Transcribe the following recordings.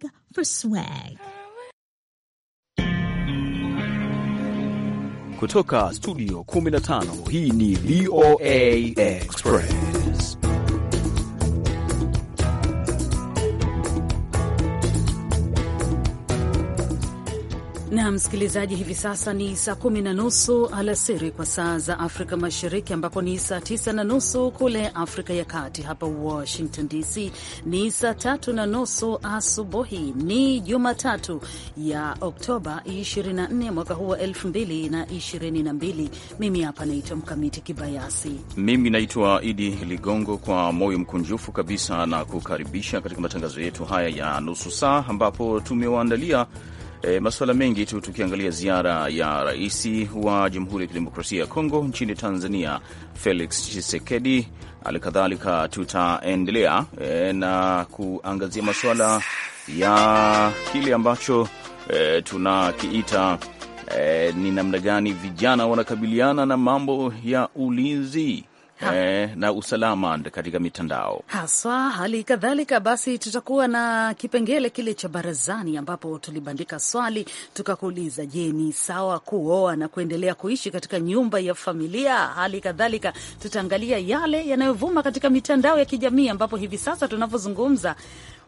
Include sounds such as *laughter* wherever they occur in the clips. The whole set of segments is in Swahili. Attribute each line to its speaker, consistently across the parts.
Speaker 1: swag for swag.
Speaker 2: Kutoka studio 15 hii ni VOA Express.
Speaker 3: na msikilizaji, hivi sasa ni saa kumi na nusu alasiri kwa saa za Afrika Mashariki, ambapo ni saa tisa na nusu kule Afrika ya Kati. Hapa Washington DC ni saa tatu na nusu asubuhi. Ni Jumatatu ya Oktoba 24 mwaka huu wa 2022. Mimi hapa naitwa Mkamiti Kibayasi.
Speaker 2: Mimi naitwa Idi Ligongo, kwa moyo mkunjufu kabisa na kukaribisha katika matangazo yetu haya ya nusu saa, ambapo tumewaandalia E, masuala mengi tu tukiangalia ziara ya rais wa Jamhuri ya Kidemokrasia ya Kongo nchini Tanzania Felix Tshisekedi. kadhalika tutaendelea e, na kuangazia masuala ya kile ambacho e, tunakiita e, ni namna gani vijana wanakabiliana na mambo ya ulinzi eh, na usalama katika mitandao
Speaker 3: haswa. Hali kadhalika basi, tutakuwa na kipengele kile cha barazani, ambapo tulibandika swali tukakuuliza, je, ni sawa kuoa na kuendelea kuishi katika nyumba ya familia? Hali kadhalika tutaangalia yale yanayovuma katika mitandao ya kijamii, ambapo hivi sasa tunavyozungumza,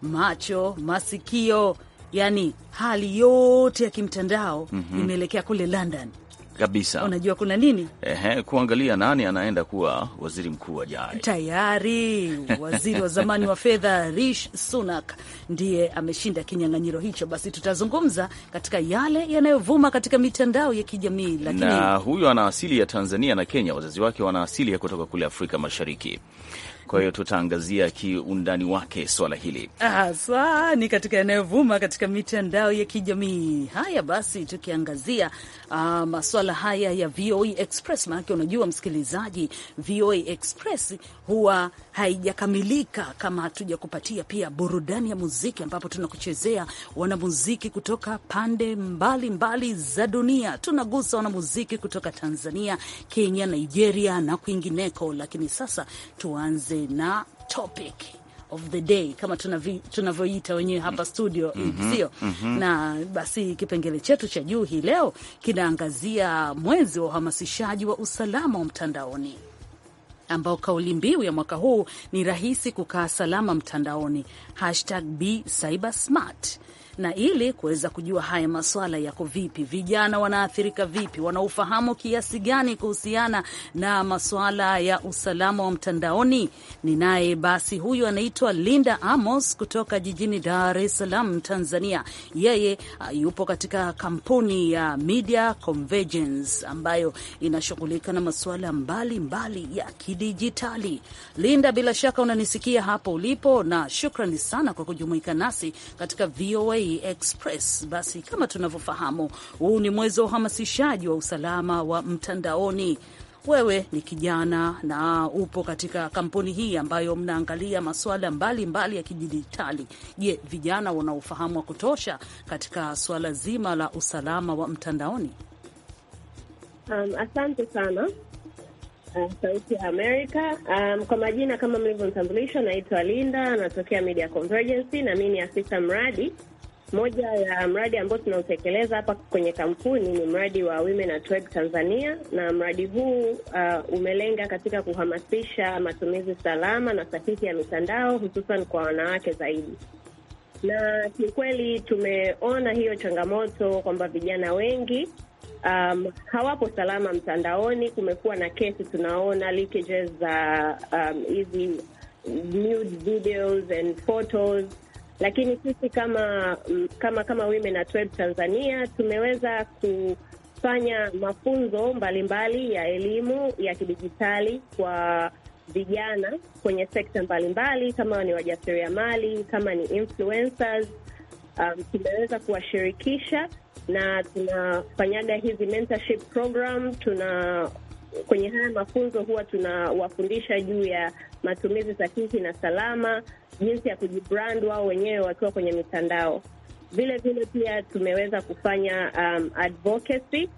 Speaker 3: macho, masikio, yani hali yote ya kimtandao mm -hmm. imeelekea kule London kabisa. Unajua kuna nini?
Speaker 2: Ehe, kuangalia nani anaenda kuwa waziri mkuu ajaye.
Speaker 3: Tayari waziri wa zamani wa fedha Rishi Sunak ndiye ameshinda kinyang'anyiro hicho. Basi tutazungumza katika yale yanayovuma katika mitandao ya kijamii lakini... na
Speaker 2: huyo ana asili ya Tanzania na Kenya, wazazi wake wana asili ya kutoka kule Afrika Mashariki. Kwa hiyo tutaangazia kiundani wake swala hili
Speaker 3: hasa ni katika yanayovuma katika mitandao ya kijamii. Haya basi, tukiangazia uh, maswala haya ya VOA e Express, maanake unajua msikilizaji, VOA e Express huwa haijakamilika kama hatujakupatia pia burudani ya muziki, ambapo tunakuchezea wanamuziki kutoka pande mbalimbali mbali za dunia. Tunagusa wanamuziki kutoka Tanzania, Kenya, Nigeria na kwingineko, lakini sasa tuanze na topic of the day kama tunavyoita wenyewe hapa studio, mm -hmm, sio mm -hmm. Na basi kipengele chetu cha juu hii leo kinaangazia mwezi wa uhamasishaji wa usalama wa mtandaoni ambao kauli mbiu ya mwaka huu ni rahisi kukaa salama mtandaoni, hashtag be smart na ili kuweza kujua haya maswala yako vipi, vijana wanaathirika vipi, wanaofahamu kiasi gani kuhusiana na maswala ya usalama wa mtandaoni, ninaye basi huyu anaitwa Linda Amos kutoka jijini Dar es Salaam, Tanzania. Yeye ah, yupo katika kampuni ya Media Convergence ambayo inashughulika na masuala mbalimbali mbali ya kidijitali. Linda, bila shaka unanisikia hapo ulipo, na shukrani sana kwa kujumuika nasi katika VOA Express. Basi kama tunavyofahamu, huu ni mwezi wa uhamasishaji wa usalama wa mtandaoni. Wewe ni kijana na upo katika kampuni hii ambayo mnaangalia masuala mbalimbali ya kidijitali. Je, vijana wana ufahamu wa kutosha katika suala zima la usalama wa mtandaoni?
Speaker 4: Um, asante sana uh, Sauti ya Amerika. Um, kwa majina kama mlivyonitambulisha, naitwa Linda, natokea Media Convergency na mi ni afisa mradi moja ya mradi ambao tunautekeleza hapa kwenye kampuni ni mradi wa Women at Tanzania, na mradi huu uh, umelenga katika kuhamasisha matumizi salama na sahihi ya mitandao hususan kwa wanawake zaidi na kiukweli tumeona hiyo changamoto kwamba vijana wengi um, hawapo salama mtandaoni. Kumekuwa na kesi tunaona leakages za um, hizi uh, um, nude videos and photos lakini sisi kama mm, kama kama Women at Web Tanzania tumeweza kufanya mafunzo mbalimbali mbali ya elimu ya kidijitali kwa vijana kwenye sekta mbalimbali, kama ni wajasiriamali, kama ni influencers um, tumeweza kuwashirikisha na tunafanyaga hizi mentorship program. Tuna kwenye haya mafunzo huwa tunawafundisha juu ya matumizi sahihi na salama jinsi ya kujibrand wao wenyewe wakiwa kwenye mitandao. Vile vile pia tumeweza kufanya um, advocacy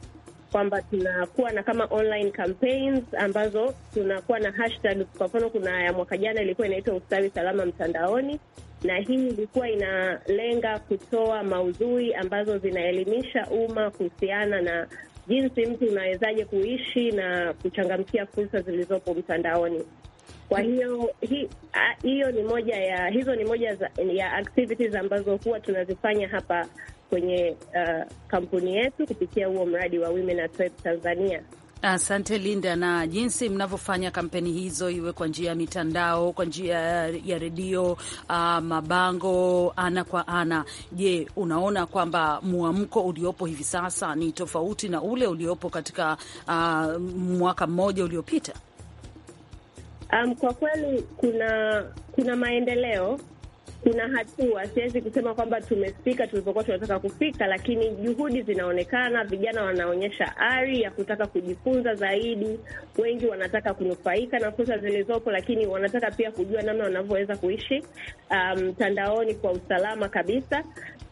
Speaker 4: kwamba tunakuwa na kama online campaigns ambazo tunakuwa na hashtag. Kwa mfano, kuna ya mwaka jana ilikuwa inaitwa ustawi salama mtandaoni, na hii ilikuwa inalenga kutoa maudhui ambazo zinaelimisha umma kuhusiana na jinsi mtu unawezaje kuishi na kuchangamkia fursa zilizopo mtandaoni. Kwa hiyo hiyo ni moja ya hizo ni moja za, ya activities ambazo huwa tunazifanya hapa kwenye uh, kampuni yetu kupitia huo mradi wa Women at Web Tanzania.
Speaker 3: Asante Linda, na jinsi mnavyofanya kampeni hizo, iwe kwa njia ya mitandao, kwa njia ya redio, uh, mabango ana kwa ana. Je, unaona kwamba mwamko uliopo hivi sasa ni tofauti na ule uliopo katika uh, mwaka mmoja uliopita?
Speaker 4: Um, kwa kweli kuna kuna maendeleo, kuna hatua. Siwezi kusema kwamba tumefika tulipokuwa tunataka kufika, lakini juhudi zinaonekana. Vijana wanaonyesha ari ya kutaka kujifunza zaidi, wengi wanataka kunufaika na fursa zilizopo, lakini wanataka pia kujua namna wanavyoweza kuishi um, mtandaoni um, kwa usalama kabisa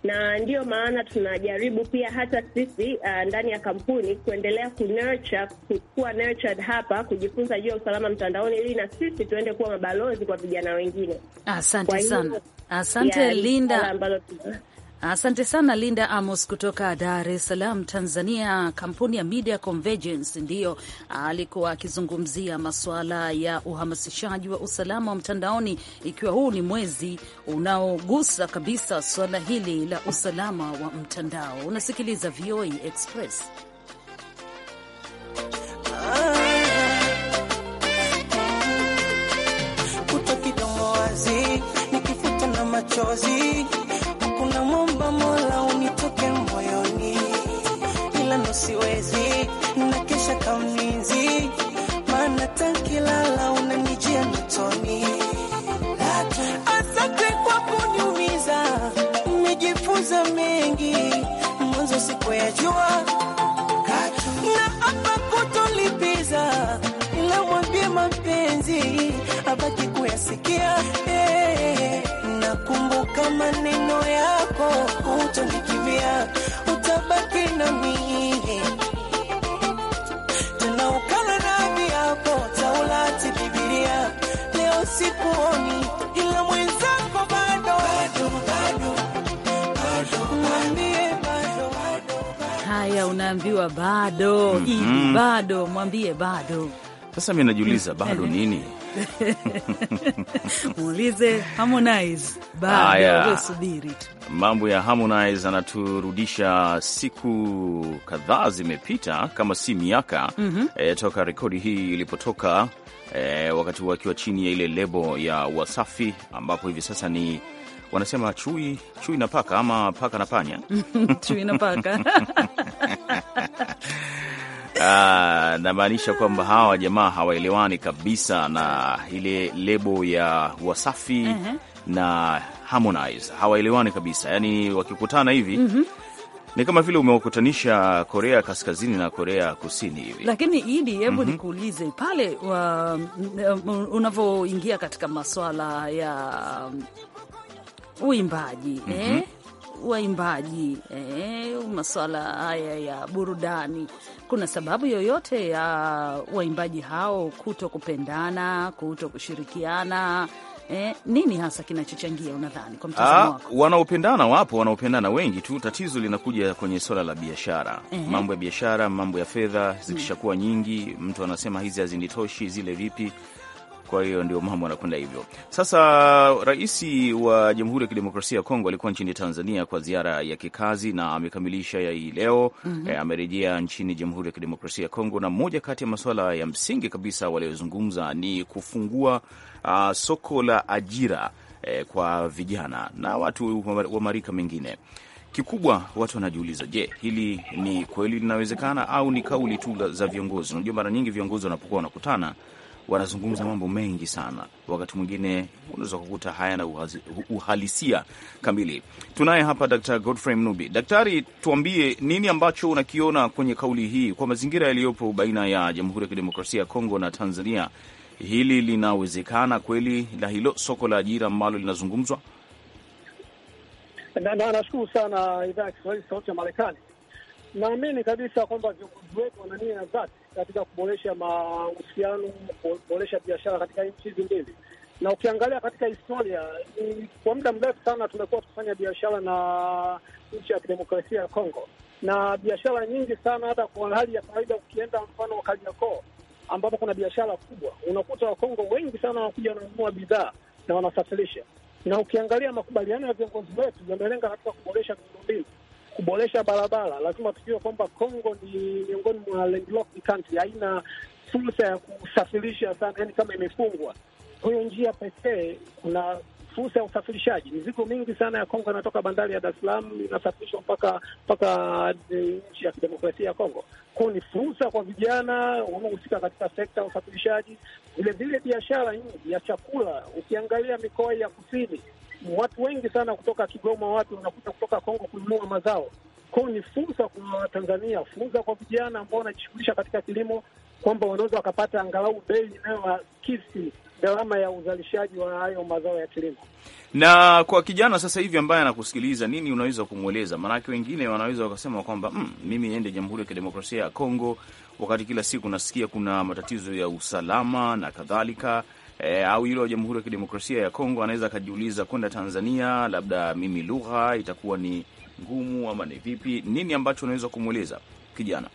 Speaker 4: na ndiyo maana tunajaribu pia hata sisi uh, ndani ya kampuni kuendelea kunurture, nurtured hapa, kujifunza juu ya usalama mtandaoni, ili na sisi tuende kuwa mabalozi kwa vijana wengine.
Speaker 3: Asante sana, asante Linda. Asante sana Linda Amos kutoka Dar es Salaam, Tanzania. Kampuni ya Media Convergence ndiyo ah, alikuwa akizungumzia masuala ya uhamasishaji wa usalama wa mtandaoni, ikiwa huu ni mwezi unaogusa kabisa suala hili la usalama wa mtandao. Unasikiliza VOA Express. Ah, ah,
Speaker 5: ah. where you are.
Speaker 3: unaambiwa bado mm -hmm. bado, mwambie bado.
Speaker 2: Sasa mi najiuliza bado nini?
Speaker 3: *laughs* Muulize Harmonize bado, subiri
Speaker 2: Mambo ya Harmonize anaturudisha siku kadhaa zimepita, kama si miaka mm -hmm. E, toka rekodi hii ilipotoka, e, wakati wakiwa chini ya ile lebo ya Wasafi ambapo hivi sasa ni wanasema chui chui na paka ama paka na panya
Speaker 3: *laughs* chui na paka *laughs*
Speaker 2: Ah, namaanisha kwamba hawa jamaa hawaelewani kabisa na ile lebo ya Wasafi uh -huh. na Harmonize hawaelewani kabisa, yaani wakikutana hivi uh mhm. -huh. ni kama vile umewakutanisha Korea Kaskazini na Korea Kusini hivi.
Speaker 3: Lakini Idi, hebu mm -hmm. nikuulize pale unavyoingia katika maswala ya uimbaji mm -hmm. eh? waimbaji mhm. eh, masuala haya ya burudani. Kuna sababu yoyote ya waimbaji hao kuto kupendana, kuto kushirikiana? Eh, nini hasa kinachochangia unadhani kwa mtazamo ah, wako?
Speaker 2: Wanaopendana wapo, wanaopendana wengi tu. Tatizo linakuja kwenye swala la biashara eh, mambo ya biashara, mambo ya fedha mm. zikishakuwa nyingi, mtu anasema hizi hazinitoshi, zile vipi kwa hiyo ndio mambo anakwenda hivyo. Sasa rais wa Jamhuri ya Kidemokrasia ya Kongo alikuwa nchini Tanzania kwa ziara ya kikazi na amekamilisha ya hii leo mm -hmm. E, amerejea nchini Jamhuri ya Kidemokrasia ya Kongo, na moja kati ya masuala ya msingi kabisa waliozungumza ni kufungua a, ah, soko la ajira e, kwa vijana na watu wa marika mengine Kikubwa watu wanajiuliza, je, hili ni kweli linawezekana au ni kauli tu za viongozi? Unajua, mara nyingi viongozi wanapokuwa wanakutana wanazungumza mambo mengi sana, wakati mwingine unaweza kukuta haya na uhalisia kamili. Tunaye hapa dr Godfrey Mnubi. Daktari, tuambie nini ambacho unakiona kwenye kauli hii kwa mazingira yaliyopo baina ya Jamhuri ya Kidemokrasia ya Kongo na Tanzania, hili linawezekana kweli la hilo soko la ajira ambalo linazungumzwa?
Speaker 1: Nashukuru na, na, sana idhaa ya Kiswahili sauti ya Marekani. Naamini kabisa kwamba wetu wanania na dhati katika kuboresha mahusiano, kuboresha biashara katika nchi hizi mbili. Na ukiangalia katika historia kwa muda mrefu sana tumekuwa tukifanya biashara na nchi ya kidemokrasia ya Kongo, na biashara nyingi sana, hata kwa hali ya kawaida, ukienda mfano wa Kariakoo ambapo kuna biashara kubwa, unakuta Wakongo wengi sana wanakuja wananunua bidhaa na wanasafirisha. Na ukiangalia makubaliano ya viongozi wetu yamelenga katika kuboresha miundombinu kuboresha barabara. Lazima tujue kwamba Congo ni miongoni mwa landlocked country, haina fursa ya kusafirisha sana, yani kama imefungwa hiyo njia pekee, kuna fursa ya usafirishaji. Mizigo mingi sana ya Kongo inatoka bandari ya Dar es Salaam inasafirishwa mpaka mpaka eh, nchi ya kidemokrasia ya Kongo. Kwao ni fursa kwa vijana wanaohusika katika sekta ya usafirishaji, vilevile biashara nyingi ya chakula. Ukiangalia mikoa ya kusini watu wengi sana kutoka Kigoma, watu wanakuja kutoka Kongo kununua mazao kwao. Ni fursa kwa Watanzania, fursa kwa vijana ambao wanajishughulisha katika kilimo, kwamba wanaweza wakapata angalau bei inayoakisi gharama ya uzalishaji wa hayo mazao ya kilimo.
Speaker 2: Na kwa kijana sasa hivi ambaye anakusikiliza, nini unaweza kumweleza? Maanake wengine wanaweza wakasema kwamba mm, mimi niende Jamhuri ya Kidemokrasia ya Kongo wakati kila siku nasikia kuna matatizo ya usalama na kadhalika e, au yule wa Jamhuri ya Kidemokrasia ya Kongo anaweza akajiuliza kwenda Tanzania, labda mimi lugha itakuwa ni ngumu ama ni vipi? Nini ambacho unaweza kumweleza kijana?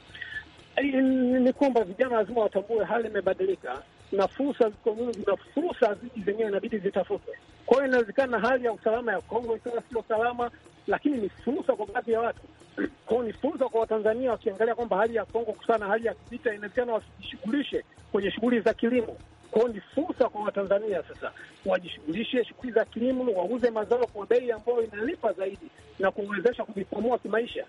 Speaker 1: Ni kwamba vijana lazima watambue hali imebadilika na fursa ziko nyingi, na fursa ziji zenyewe inabidi zitafutwe. Kwa hiyo inawezekana hali ya usalama ya Kongo ikawa sio salama, lakini ni fursa kwa baadhi ya watu. *clears throat* Kwa hiyo ni fursa kwa Watanzania wakiangalia kwamba hali ya Kongo kusana hali ya kivita, inawezekana wasijishughulishe kwenye shughuli za kilimo, kwao ni fursa kwa Watanzania sasa wajishughulishe shughuli za kilimo, wauze mazao kwa bei ambayo inalipa zaidi na kuwezesha kujikwamua kimaisha.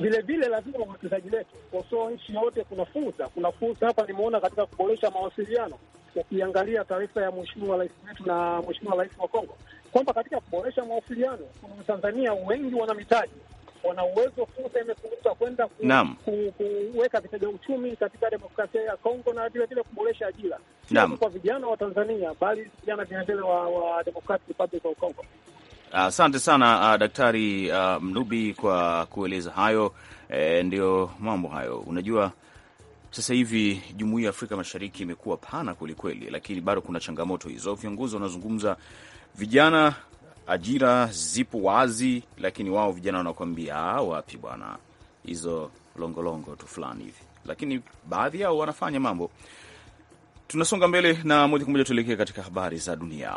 Speaker 1: Vile vile lazima wawekezaji wetu kosoo nchi yote kuna fursa, kuna fursa hapa. Nimeona katika kuboresha mawasiliano, ukiangalia taarifa ya mheshimiwa rais wetu na mheshimiwa rais wa Kongo kwamba katika kuboresha mawasiliano kuna Watanzania wengi wana mitaji wana uwezo, fursa imefunguka kwenda ku, ku, kuweka vitega uchumi katika demokrasia ya Kongo na vilevile kuboresha ajira kwa vijana wa Tanzania bali vijana vilevile wa, wa Democratic Republic of Congo.
Speaker 2: Asante uh, sana uh, Daktari uh, Mnubi kwa kueleza hayo. E, ndio mambo hayo. Unajua, sasa hivi jumuiya ya Afrika Mashariki imekuwa pana kwelikweli, lakini bado kuna changamoto hizo. Viongozi wanazungumza, vijana ajira zipo wazi, lakini wao vijana wanakuambia ah, wapi bwana, hizo longolongo tu fulani hivi, lakini baadhi yao wanafanya mambo. Tunasonga mbele na moja kwa moja tuelekee katika habari za dunia.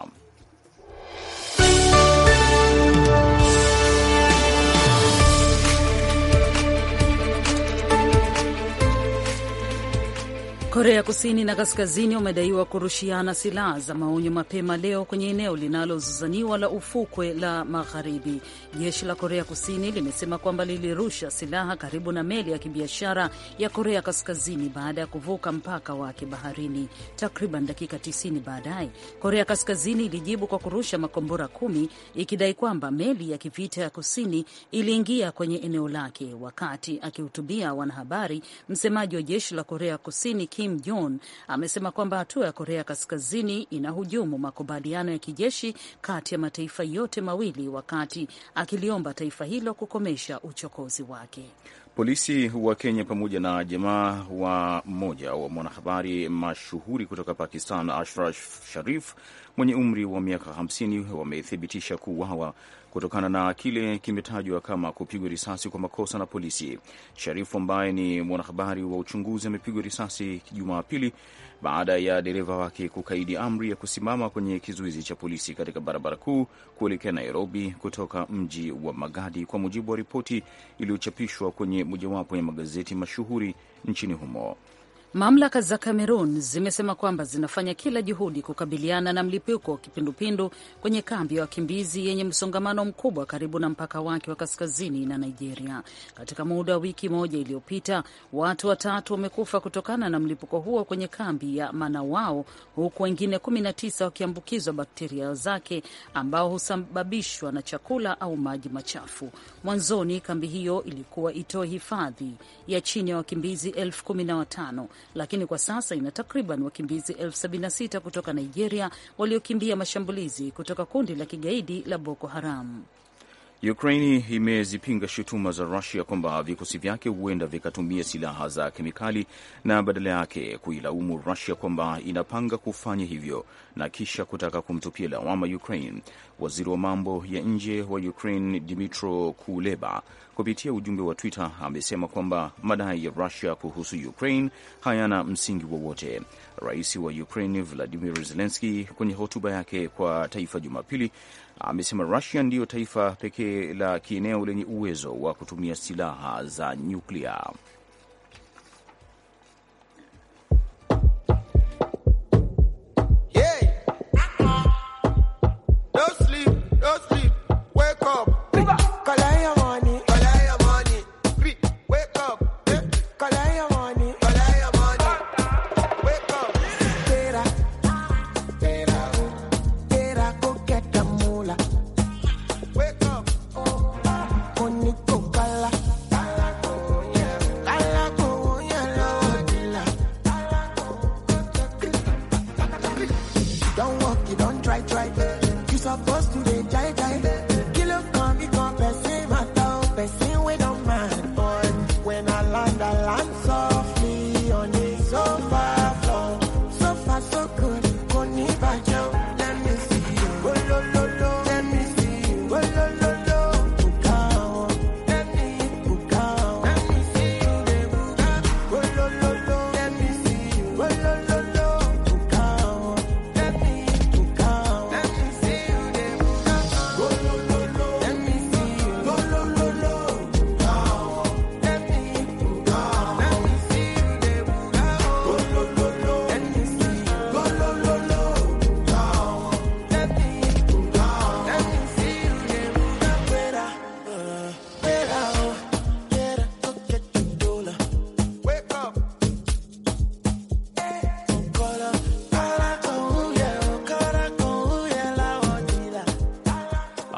Speaker 3: Korea Kusini na Kaskazini wamedaiwa kurushiana silaha za maonyo mapema leo kwenye eneo linalozozaniwa la ufukwe la magharibi. Jeshi la Korea Kusini limesema kwamba lilirusha silaha karibu na meli ya kibiashara ya Korea Kaskazini baada ya kuvuka mpaka wake baharini. Takriban dakika 90 baadaye, Korea Kaskazini ilijibu kwa kurusha makombora kumi ikidai kwamba meli ya kivita ya Kusini iliingia kwenye eneo lake. Wakati akihutubia wanahabari, msemaji wa jeshi la Korea Kusini Kim Jong amesema kwamba hatua ya Korea Kaskazini inahujumu makubaliano ya kijeshi kati ya mataifa yote mawili, wakati akiliomba taifa hilo kukomesha uchokozi wake.
Speaker 2: Polisi wa Kenya pamoja na jamaa wa mmoja wa mwanahabari mashuhuri kutoka Pakistan, Ashraf Sharif mwenye umri wa miaka 50 wamethibitisha kuuawa kutokana na kile kimetajwa kama kupigwa risasi kwa makosa na polisi. Sharifu ambaye ni mwanahabari wa uchunguzi amepigwa risasi Jumapili baada ya dereva wake kukaidi amri ya kusimama kwenye kizuizi cha polisi katika barabara kuu kuelekea Nairobi kutoka mji wa Magadi, kwa mujibu wa ripoti iliyochapishwa kwenye mojawapo ya magazeti mashuhuri nchini
Speaker 3: humo. Mamlaka za Cameroon zimesema kwamba zinafanya kila juhudi kukabiliana na mlipuko wa kipindupindu kwenye kambi ya wa wakimbizi yenye msongamano mkubwa karibu na mpaka wake wa kaskazini na Nigeria. Katika muda wa wiki moja iliyopita, watu watatu wamekufa kutokana na mlipuko huo kwenye kambi ya Manawao, huku wengine 19 wakiambukizwa bakteria zake ambao husababishwa na chakula au maji machafu. Mwanzoni kambi hiyo ilikuwa itoe hifadhi ya chini ya wakimbizi elfu kumi na watano lakini kwa sasa ina takriban wakimbizi 76 kutoka Nigeria waliokimbia mashambulizi kutoka kundi la kigaidi la Boko Haram.
Speaker 2: Ukraini imezipinga shutuma za Rusia kwamba vikosi vyake huenda vikatumia silaha za kemikali na badala yake kuilaumu Rusia kwamba inapanga kufanya hivyo na kisha kutaka kumtupia lawama Ukraine. Waziri wa mambo ya nje wa Ukraine Dmytro Kuleba kupitia ujumbe wa Twitter amesema kwamba madai ya Rusia kuhusu Ukraine hayana msingi wowote. Rais wa Ukraine Vladimir Zelenski kwenye hotuba yake kwa taifa Jumapili amesema Rusia ndiyo taifa pekee la kieneo lenye uwezo wa kutumia silaha za nyuklia.
Speaker 5: supposed to die die die.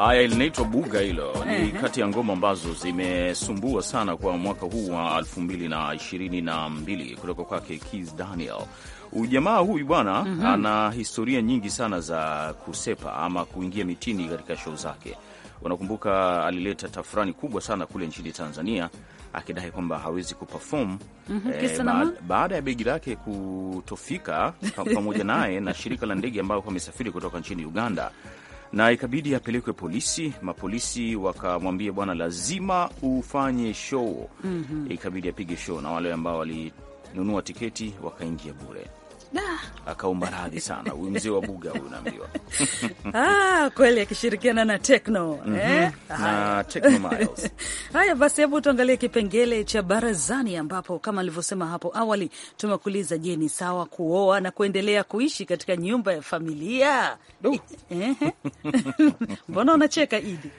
Speaker 2: Haya, linaitwa buga hilo. Ni kati ya ngoma ambazo zimesumbua sana kwa mwaka huu wa 2022 kutoka kwake Kis Daniel. Ujamaa huyu bwana uh mhm. -huh. ana historia nyingi sana za kusepa ama kuingia mitini katika show zake. Unakumbuka alileta tafurani kubwa sana kule nchini Tanzania akidai kwamba hawezi kuperform
Speaker 5: mm -hmm. eh, baada,
Speaker 2: baada ya begi lake kutofika *laughs* pamoja naye na shirika la ndege ambayo amesafiri kutoka nchini Uganda na ikabidi apelekwe polisi. Mapolisi wakamwambia bwana, lazima ufanye show mm -hmm. Ikabidi apige show na wale ambao walinunua tiketi wakaingia bure. Ah. akaomba radhi sana huyu mzee wa buga huyu
Speaker 3: naambiwa. *laughs* Ah, kweli akishirikiana na Tekno mm -hmm. eh?
Speaker 6: na Tekno Miles.
Speaker 3: *laughs* Haya basi, hebu tuangalie kipengele cha barazani, ambapo kama alivyosema hapo awali tumekuuliza, je, ni sawa kuoa na kuendelea kuishi katika nyumba ya familia? *laughs* Eh, eh. Mbona unacheka Idi?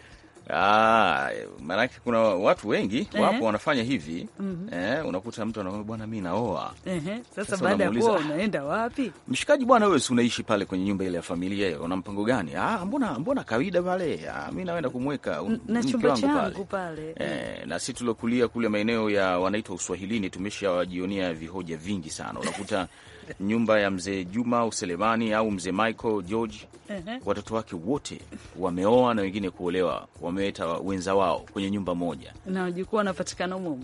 Speaker 2: Ah, maanake kuna watu wengi wapo uh -huh. wanafanya hivi uh mhm. -huh. eh, unakuta mtu anakwambia bwana, mi naoa
Speaker 3: uh -huh. Sasa, sasa baada ya kuoa unaenda wapi?
Speaker 2: Mshikaji bwana, wewe si unaishi pale kwenye nyumba ile ya familia hiyo, una mpango gani? Ah, mbona mbona kawaida pale, ah, mi naenda kumweka na chumba changu pale eh, mm. na si tulokulia kule maeneo ya wanaitwa Uswahilini, tumeshawajionia vihoja vingi sana unakuta *laughs* nyumba ya mzee Juma Uselemani au mzee Michael George. uh -huh. Watoto wake wote wameoa na wengine kuolewa, wameweta wenza wao kwenye nyumba moja
Speaker 3: na wajukuu wanapatikana humo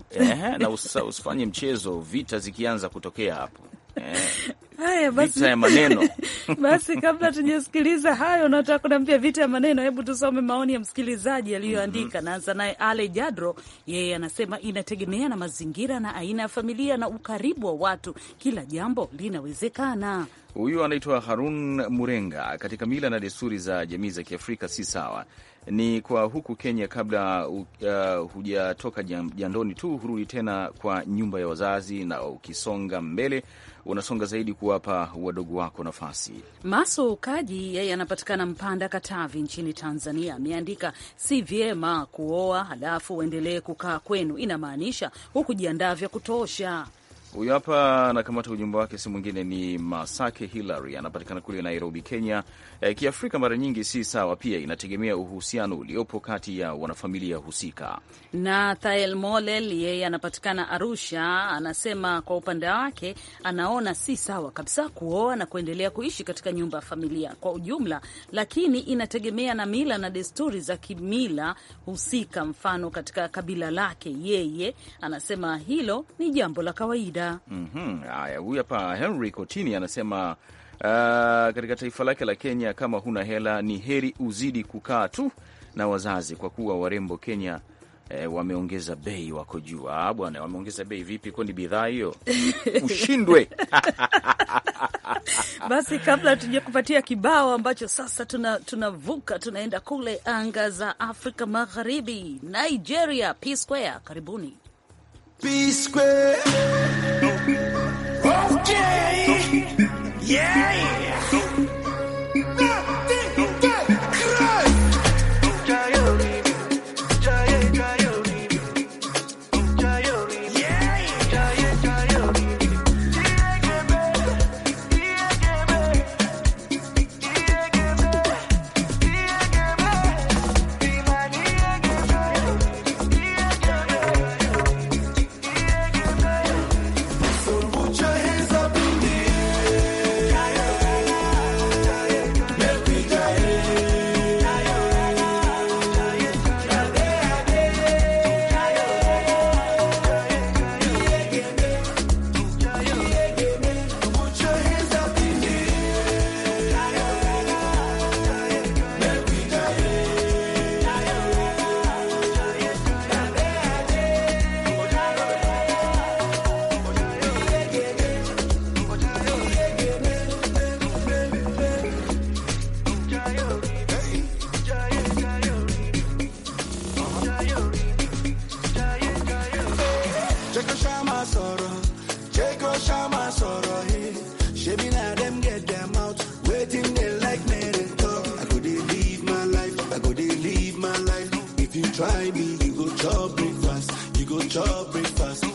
Speaker 3: na
Speaker 2: usifanye mchezo, vita zikianza kutokea hapo *laughs*
Speaker 3: Haya basi, vita ya maneno *laughs* basi, kabla tujasikiliza hayo, nataka kunaambia vita ya maneno. Hebu tusome maoni ya msikilizaji aliyoandika. mm -hmm. Naanza naye Ale Jadro, yeye anasema inategemea na mazingira na aina ya familia na ukaribu wa watu, kila jambo linawezekana.
Speaker 2: Huyu anaitwa Harun Murenga. Katika mila na desturi za jamii za Kiafrika si sawa ni kwa huku Kenya, kabla uh, hujatoka jandoni tu hurudi tena kwa nyumba ya wazazi, na ukisonga mbele unasonga zaidi kuwa kuwapa wadogo wako nafasi.
Speaker 3: Maso Kaji yeye anapatikana Mpanda, Katavi nchini Tanzania, ameandika si vyema kuoa halafu uendelee kukaa kwenu, inamaanisha hukujiandaa vya kutosha.
Speaker 2: Huyu hapa anakamata ujumbe wake, si mwingine ni Masake Hilary, anapatikana kule Nairobi, Kenya e, kiafrika mara nyingi si sawa, pia inategemea uhusiano uliopo kati ya wanafamilia husika.
Speaker 3: Na Thael Molel yeye anapatikana Arusha, anasema kwa upande wake anaona si sawa kabisa kuoa na kuendelea kuishi katika nyumba ya familia kwa ujumla, lakini inategemea na mila na desturi za kimila husika, mfano katika kabila lake yeye anasema hilo ni jambo la kawaida.
Speaker 2: Mhm, haya, mm -hmm. Huyu hapa Henry Kotini anasema Uh, katika taifa lake la Kenya, kama huna hela ni heri uzidi kukaa tu na wazazi, kwa kuwa warembo Kenya E, wameongeza bei, wako juu ah, bwana. Wameongeza bei vipi? Kwani bidhaa hiyo
Speaker 3: *laughs* ushindwe? *laughs* Basi, kabla tuja kupatia kibao ambacho sasa tunavuka, tuna tunaenda kule anga za Afrika Magharibi, Nigeria, P Square, karibuni P Square. *laughs* Okay. Yeah!
Speaker 5: soro take your shama soro here shebi na dem get dem out wetin dey like me dey talk i go dey live my life i go dey live my life if you try me you go chop breakfast you go chop breakfast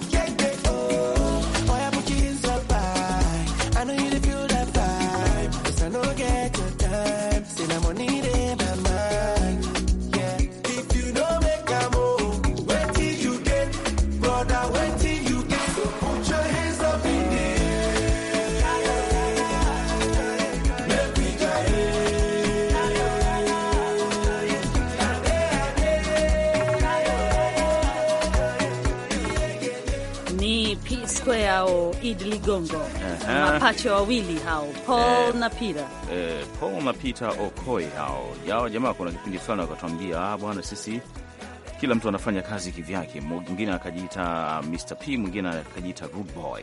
Speaker 3: Id Ligongo, mapacha wawili hao, Paul eh, na Peter,
Speaker 2: eh, Paul na Peter Okoi hao yao jamaa. Kuna kipindi fulani wakatuambia, ah, bwana sisi kila mtu anafanya kazi kivyake. Mwingine akajiita Mr P, mwingine akajiita Good Boy.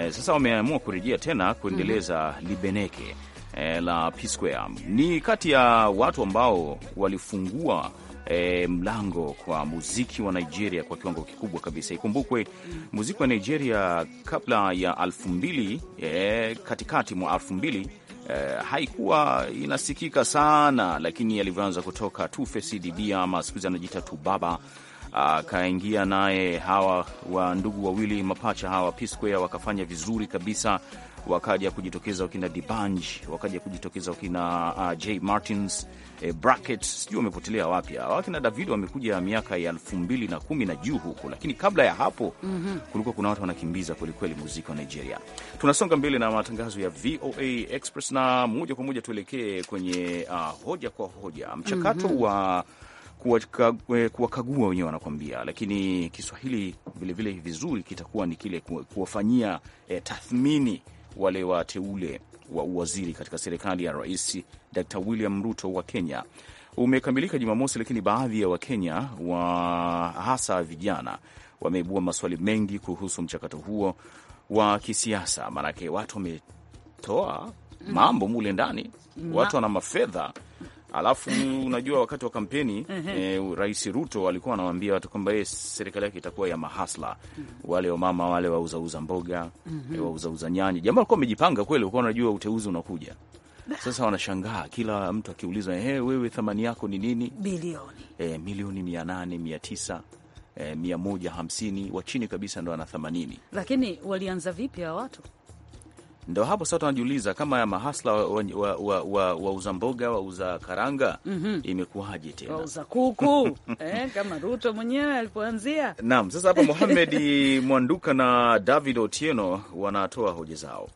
Speaker 2: Eh, sasa wameamua kurejea tena kuendeleza mm -hmm. libeneke eh, la P Square ni kati ya watu ambao walifungua e, mlango kwa muziki wa Nigeria kwa kiwango kikubwa kabisa. Ikumbukwe muziki wa Nigeria kabla ya alfu mbili e, katikati mwa alfu mbili e, haikuwa inasikika sana, lakini alivyoanza kutoka Tufe CDB ama siku hizi anajiita tu baba akaingia naye hawa wa ndugu wawili mapacha hawa P Square wakafanya vizuri kabisa wakaja kujitokeza wakina Dibanj, wakaja kujitokeza wakina uh, J Martins eh, bracket sijui wamepotelea wapya ah, wakina David wamekuja miaka ya elfu mbili na kumi na juu huko, lakini kabla ya hapo mm -hmm. kulikuwa kuna watu wanakimbiza kwelikweli muziki wa Nigeria. Tunasonga mbele na matangazo ya VOA Express na moja kwa moja tuelekee kwenye uh, hoja kwa hoja, mchakato mm -hmm. wa eh, kuwakagua wenyewe wanakwambia, lakini Kiswahili vilevile vizuri kitakuwa ni kile kuwafanyia eh, tathmini wale wateule wa uwaziri katika serikali ya Rais Dr William Ruto wa Kenya umekamilika Jumamosi, lakini baadhi ya Wakenya wa hasa vijana wameibua maswali mengi kuhusu mchakato huo wa kisiasa, maanake watu wametoa mm-hmm. mambo mule ndani, watu wana mafedha alafu unajua wakati wa kampeni e, Rais Ruto alikuwa anawaambia watu kwamba yeye eh, serikali yake itakuwa ya mahasla, mhm. wale wamama wale wauzauza mboga mhm. eh, wauzauza nyanya, jamaa alikuwa amejipanga kweli, alikuwa anajua uteuzi unakuja. Sasa wanashangaa kila mtu akiuliza, hey, wewe thamani yako ni nini? Bilioni e, milioni mia nane mia tisa e, mia moja hamsini wa chini kabisa ndo ana themanini.
Speaker 3: Lakini walianza vipi hawa watu?
Speaker 2: Ndo hapo sasa tunajiuliza kama mahasla wauza wa, wa, wa, wa mboga wauza karanga mm -hmm. Imekuwaje tena wauza
Speaker 3: kuku *laughs* eh, kama Ruto mwenyewe alipoanzia.
Speaker 2: Naam, sasa hapa Mohamed *laughs* Mwanduka na David Otieno wanatoa hoja zao.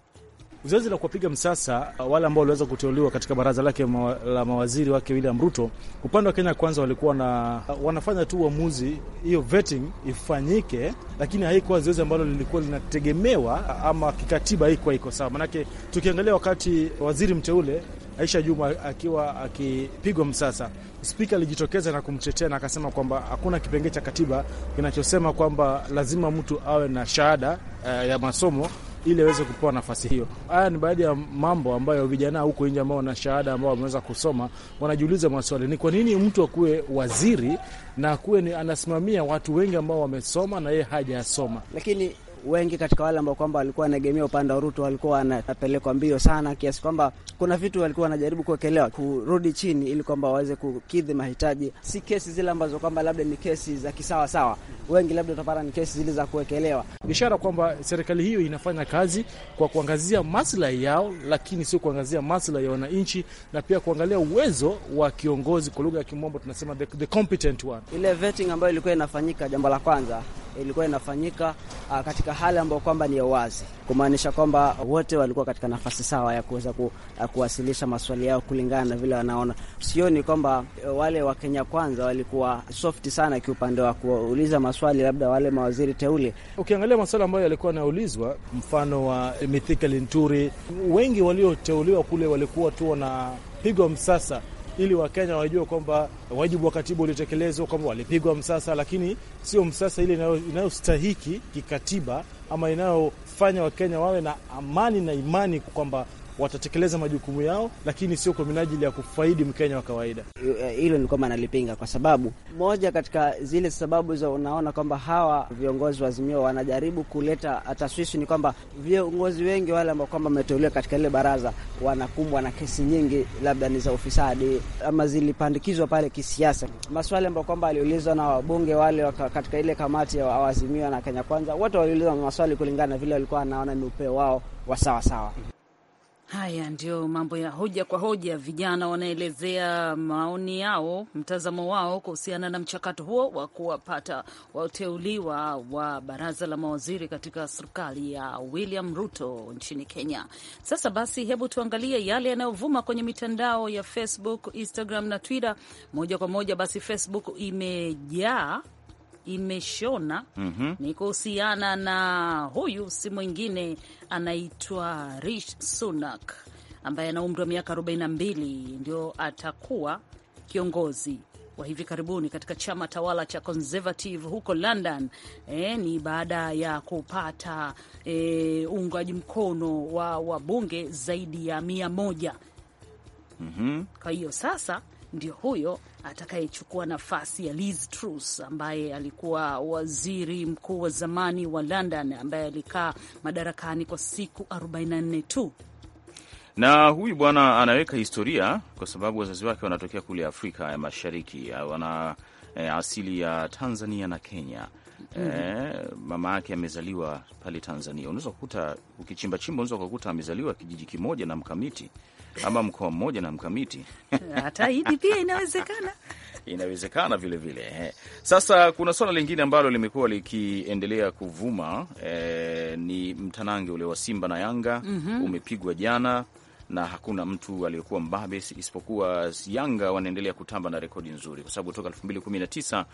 Speaker 7: Zoezi la kuwapiga msasa uh, wale ambao waliweza kuteuliwa katika baraza lake ma, la mawaziri wake William Ruto, upande wa Kenya kwanza walikuwa na uh, wanafanya tu uamuzi, hiyo vetting ifanyike, lakini haikuwa zoezi ambalo lilikuwa linategemewa uh, ama kikatiba haikuwa iko sawa. Manake tukiangalia wakati waziri mteule Aisha Juma akiwa akipigwa msasa, spika alijitokeza na kumtetea na akasema kwamba hakuna kipengee cha katiba kinachosema kwamba lazima mtu awe na shahada uh, ya masomo ili aweze kupewa nafasi hiyo. Haya ni baadhi ya mambo ambayo vijana huko nje ambao wana shahada ambao wameweza kusoma wanajiuliza maswali, ni kwa nini mtu akuwe waziri na akuwe anasimamia watu wengi ambao wamesoma na yeye hajasoma, lakini
Speaker 6: wengi katika wale ambao kwamba walikuwa wanaegemea upande wa Ruto walikuwa wanapelekwa mbio sana, kiasi kwamba kuna vitu walikuwa wanajaribu kuwekelewa kurudi chini, ili kwamba waweze kukidhi mahitaji. Si kesi zile ambazo kwamba labda ni kesi za kisawasawa, wengi labda utapata ni kesi zile za kuwekelewa, ishara kwamba serikali hiyo inafanya
Speaker 7: kazi kwa kuangazia maslahi yao, lakini sio kuangazia maslahi ya wananchi, na pia kuangalia uwezo wa kiongozi. Kwa lugha ya Kimombo tunasema the, the competent one.
Speaker 6: Ile vetting ambayo ilikuwa inafanyika, jambo la kwanza ilikuwa inafanyika uh, katika hali ambayo kwamba ni ya wazi kumaanisha kwamba wote walikuwa katika nafasi sawa ya kuweza ku, uh, kuwasilisha maswali yao kulingana na vile wanaona. Sioni kwamba eh, wale wa Kenya Kwanza walikuwa soft sana kiupande wa kuuliza maswali labda wale mawaziri teule. Ukiangalia maswali ambayo yalikuwa yanaulizwa,
Speaker 7: mfano wa Mithika Linturi, wengi walioteuliwa kule walikuwa tu wanapigwa msasa ili Wakenya wajue kwamba wajibu wa katiba ulitekelezwa, kwamba walipigwa msasa, lakini sio msasa ile inayostahiki kikatiba ama inayofanya Wakenya wawe na amani na imani kwamba watatekeleza majukumu yao, lakini sio kwa minajili
Speaker 6: ya kufaidi Mkenya wa kawaida. Hilo ni kwamba analipinga kwa sababu moja katika zile sababu za unaona kwamba hawa viongozi wa Azimio wanajaribu kuleta taswishi ni kwamba viongozi wengi wale ambao kwamba wameteuliwa katika ile baraza wanakumbwa na kesi nyingi, labda ni za ufisadi ama zilipandikizwa pale kisiasa. Maswali ambayo kwamba aliulizwa na wabunge wale katika ile kamati ya Azimio na Kenya Kwanza, wote waliulizwa maswali kulingana na vile walikuwa wanaona ni upeo wao wa sawasawa sawa.
Speaker 3: Haya ndio mambo ya hoja kwa hoja. Vijana wanaelezea maoni yao, mtazamo wao kuhusiana na mchakato huo wa kuwapata wateuliwa wa baraza la mawaziri katika serikali ya William Ruto nchini Kenya. Sasa basi, hebu tuangalie yale yanayovuma kwenye mitandao ya Facebook, Instagram na Twitter moja kwa moja. Basi Facebook imejaa imeshona mm -hmm. ni kuhusiana na huyu, si mwingine anaitwa Rishi Sunak ambaye ana umri wa miaka 42 ndio atakuwa kiongozi wa hivi karibuni katika chama tawala cha Conservative huko London. E, ni baada ya kupata e, eh, uungaji mkono wa wabunge zaidi ya mia moja. Mm -hmm. Kwa hiyo sasa ndio huyo atakayechukua nafasi ya Liz Truss ambaye alikuwa waziri mkuu wa zamani wa London ambaye alikaa madarakani kwa siku 44 tu
Speaker 2: na huyu bwana anaweka historia kwa sababu wazazi wake wanatokea kule Afrika ya Mashariki, wana e, asili ya Tanzania na Kenya mm -hmm. eh, mama yake amezaliwa pale Tanzania. Unaweza kukuta ukichimba chimba, unaweza kukuta amezaliwa kijiji kimoja na Mkamiti ama mkoa mmoja na Mkamiti
Speaker 3: *laughs* hata hidi pia inawezekana,
Speaker 2: *laughs* inawezekana vilevile vile. Eh. Sasa kuna swala lingine ambalo limekuwa likiendelea kuvuma eh, ni mtanange ule wa Simba na Yanga mm -hmm. umepigwa jana na hakuna mtu aliyekuwa mbabe isipokuwa Yanga wanaendelea kutamba na rekodi nzuri, kwa sababu toka 2019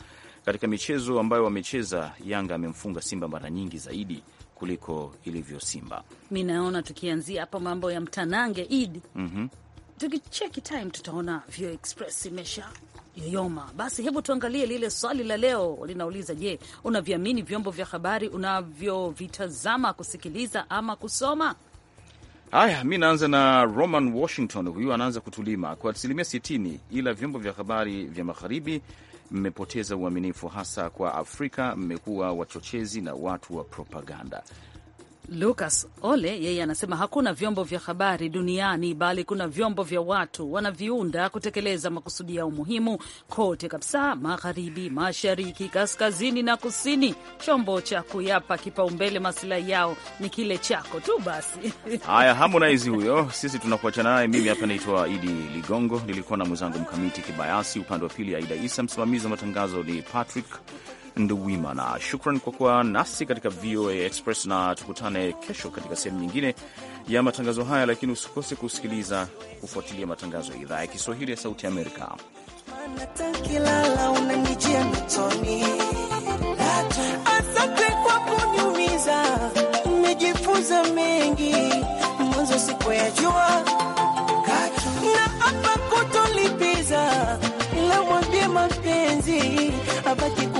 Speaker 2: katika michezo ambayo wamecheza Yanga amemfunga Simba mara nyingi zaidi kuliko ilivyo Simba.
Speaker 3: Mi naona tukianzia hapa mambo ya mtanange Idi, mm -hmm. tukicheki time tutaona Vio Express imesha yoyoma. Basi hebu tuangalie lile swali la leo linauliza, je, unavyoamini vyombo vya habari unavyovitazama, kusikiliza ama kusoma?
Speaker 2: Haya, mi naanza na Roman Washington. Huyu anaanza kutulima kwa asilimia 60, ila vyombo vya habari vya magharibi mmepoteza uaminifu, hasa kwa Afrika. Mmekuwa wachochezi na watu wa propaganda.
Speaker 3: Lucas Ole yeye anasema hakuna vyombo vya habari duniani, bali kuna vyombo vya watu wanaviunda kutekeleza makusudi yao muhimu kote kabisa, magharibi, mashariki, kaskazini na kusini. Chombo cha kuyapa kipaumbele masilahi yao ni kile chako tu basi. *laughs*
Speaker 2: Haya, Harmonize huyo, sisi tunakuachana naye. Mimi hapa naitwa Idi Ligongo, nilikuwa na mwenzangu Mkamiti Kibayasi, upande wa pili Aida Isa, msimamizi wa matangazo ni Patrick Nduwimana. Shukran kwa kuwa nasi katika VOA Express, na tukutane kesho katika sehemu nyingine ya matangazo haya, lakini usikose kusikiliza, kufuatilia matangazo ya idhaa ya Kiswahili ya Sauti Amerika.
Speaker 5: Asante kwa kuniumiza, umejifunza mengi, mwanzo na hapa kutolipiza, ila mwambie mapenzi abaki